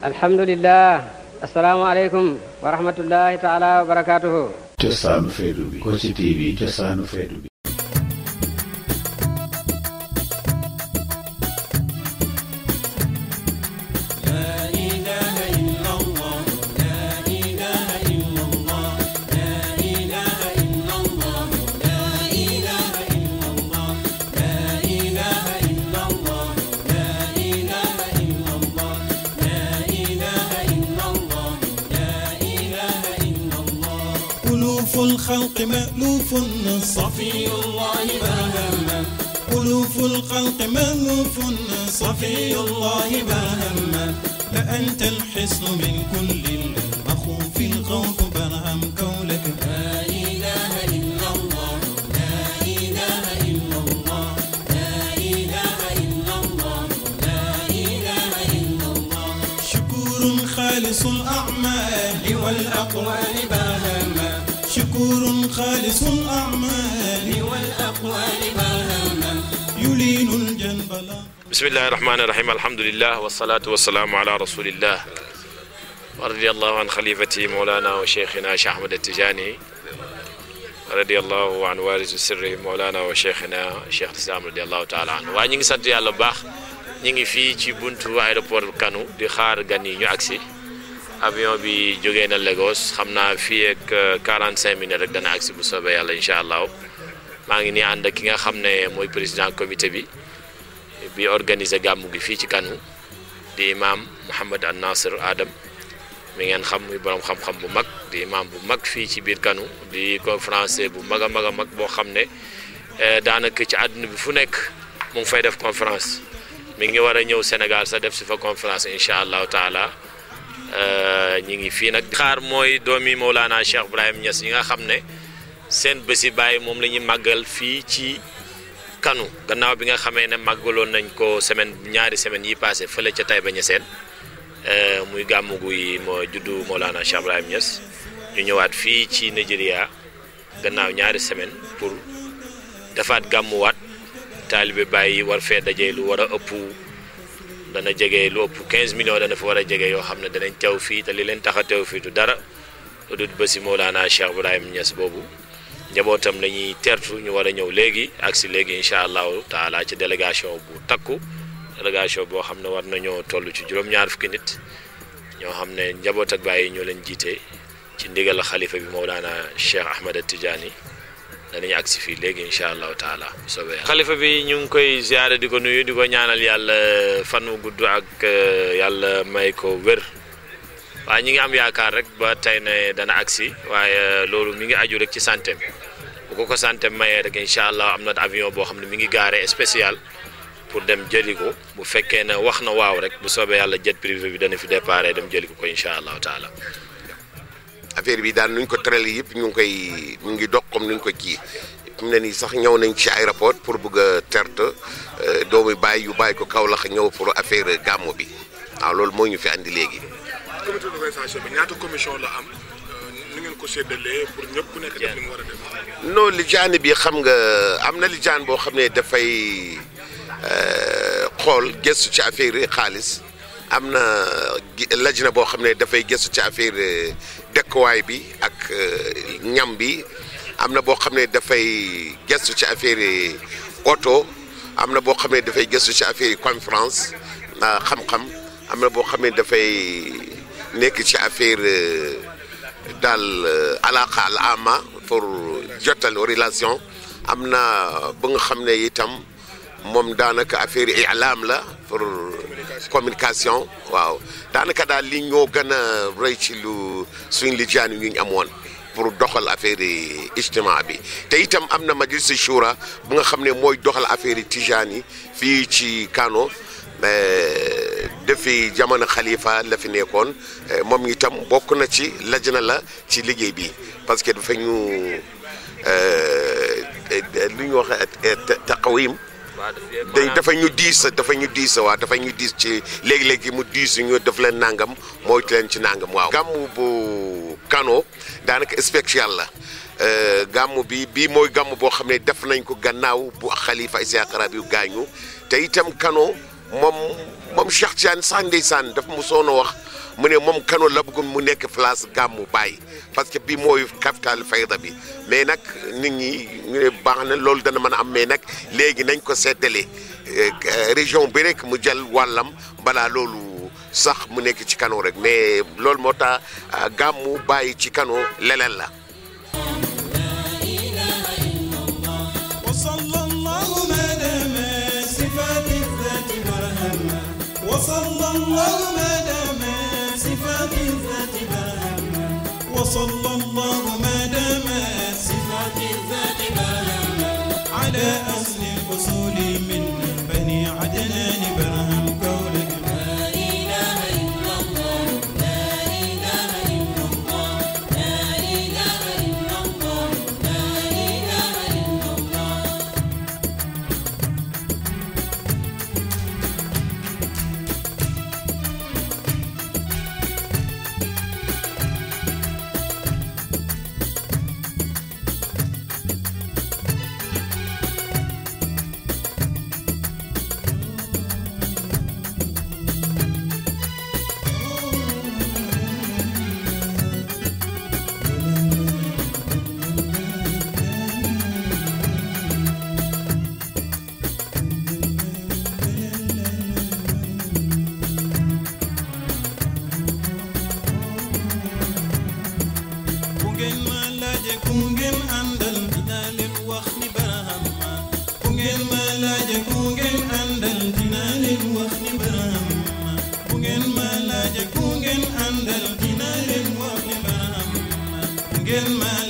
alhamdulilah asalaamaaleykum wa rahmatullahi taala wa barakaatuhu cosaanu feetu bi Kossy TV cosaanu feetu bi الخلق مألوف صفي الله ما هم ألوف الخلق مألوف صفي الله ما هم فأنت الحصن من كل المخوف الخوف برهم قولك لا إله إلا الله لا إله إلا الله لا إله إلا الله شكور خالص الأعمال والأقوال بها صبور خالص الأعمال والأقوال ما يلين الجنب بسم الله الرحمن الرحيم الحمد لله والصلاة والسلام على رسول الله رضي الله عن خليفتي مولانا وشيخنا شيخ أحمد التجاني رضي الله عن وارث سره مولانا وشيخنا شيخ الإسلام رضي الله تعالى عنه ونجي سنتي على sant yàlla في baax بونتو ايروبور كانو دي خار غاني ني اكسي avion bi jógee na Lagos xam naa fii ak 45 euh, minutes rek dana agsi bu soobee yàlla incha allah maa ngi nii ànd ak ki nga xam ne mooy président comité bi bi organisé gàmmu gi fii ci kanu di imaam Mouhamed An Nasir Adam mu ngeen xam muy borom xam-xam bu mag di imaam bu mag fii ci biir kanu di conférencier bu mag a mag a mag boo xam ne euh, daanaka ci àdduna bi fu nekk mu ngi fay def conférence mi ngi war a ñëw Sénégal sax def si fa conférence incha allahu taala. Euh, ñi ngi fii nag xaar mooy doomi Mawlana Cheikh Ibrahim Niass yi nga xam ne seen bés yi baay moom lañuy ñuy màggal fii ci kanu gannaaw bi nga xamee ne màggaloon nañ ko semaine ñaari semaine yi passé fële ca Taïba Niassène euh, muy gàmmu guy moo juddu Mawlana Cheikh Ibrahim Niass ñu ñëwaat fii ci Nigeria gannaaw ñaari semaine pour defaat gàmmuwaat taalibe baay war fee daje lu war ëpp dana jege lu ëpp 15 millions dana fi war a jege yoo xam ne danañ teew fii te li leen tax a teew fii du dara lu dul bési Mawlana Cheikh Ibrahim Niass boobu njabootam la ñuy tertu ñu war a ñëw léegi ak si léegi incha allahu taala ci délégation bu takku délégation boo xam ne war nañoo toll ci juróom-ñaar fukki nit ñoo xam ne njaboot ak bàyyi ñoo leen jiite ci ndigal xalifa bi Mawlana Cheikh Ahmed Tidiane danañu agsi fii léegi incha allahu taala soobee yàlla xalifa bi ñu ngi koy ziare di ko nuyu di ko ñaanal yàlla fan wu gudd ak eh, yàlla may ko wér waaye ñu ngi am yaakaar rek ba tey na dana agsi waaye eh, loolu mi ngi aju rek ci santé bu ko ko santé mayee rek incha allah am na avion boo xam ne mi ngi gaaree spécial pour dem jëli ko bu fekkee ne wax na waaw rek bu soobee yàlla jet privé bi dana fi déparé dem jëli ko ko incha allahu taala affaire bi daan nuñ ko tëralee yëpp ñu ngi koy ñu ngi dox comme nuñ ko kii fi mu ne nii sax ñëw nañ ci aéroport pour bëgg a terte doomu bàyyi yu bàyyi ko Kaolack ñëw pour affaire gàmmu bi waaw loolu moo ñu fi andi léegi. comité d'organisation bi ñaata commission la am. ni ngeen ko séddalee pour ñëpp nekk def li mu war a def. non lijaan bi xam nga am na lijaan boo xam ne dafay xool gëstu ci affaire yi xaalis. am na lajna boo xam ne dafay gëstu ci affaire euh, dëkkuwaay bi ak euh, ñam bi am na boo xam ne dafay gëstu ci affaire euh, oto am na boo xam ne dafay gëstu ci affaire conférence xam-xam am na boo xam ne dafay nekk ci affaire daal alaqa al ama pour jotal relation am na ba nga xam ne itam moom daanaka affaire ilaam la pour communication waaw daanaka daal li ñoo gën a rëy ci lu suñ lijaan yu ñu amoon pour doxal affaire yi ijtimaa bi te itam am na majlis shura bu nga xam ne mooy doxal affaire yi tijaan yi fii ci Kano defi jamono khalifa la fi nekkoon moom itam bokk na ci lajna la ci liggéey bi parce que dafa ñu lu ñu waxe taqawim dañ dafa ñu diis dafa ñu diis waaw dafa ñu diis ci léegi-léegi mu diis ñu def leen nangam moytu leen ci nangam waaw. gàmmu bu Kano daanaka spécial la euh, gàmmu bi bii mooy gàmmu boo xam ne def nañ ko gannaaw bu xalifa Isaac Rabi yu gaañu te itam Kano moom moom Cheikh Tidiane ngay ndeysaan dafa mu soon a wax. mune mom moom Kano la bëggoon mu nekk place gamu Baye parce que bi moy capital fayda bi mais nak nit ñi ñu ne baax na loolu dana mëna am mais nak légui nañ ko seddale région bi rek mu jël walam bala loolu sax mu nekk ci Kano rek mais loolu moo tax gàmmu Baye ci Kano leneen la. وصلى الله مدى صفات الذات بهما وصلى الله ما دام صفات الذات بهما على أصل الأصول من بني عدنان برهما ngeen ma laaje ku ngeen àndal dinaa leen wax ni baraham ma ku ngeen ma laaje ku ngeen àndal dinaa leen wax ni baraham ma ku ngeen ma laaje ku ngeen àndal dinaa leen wax ni baraham ma ku ngeen ma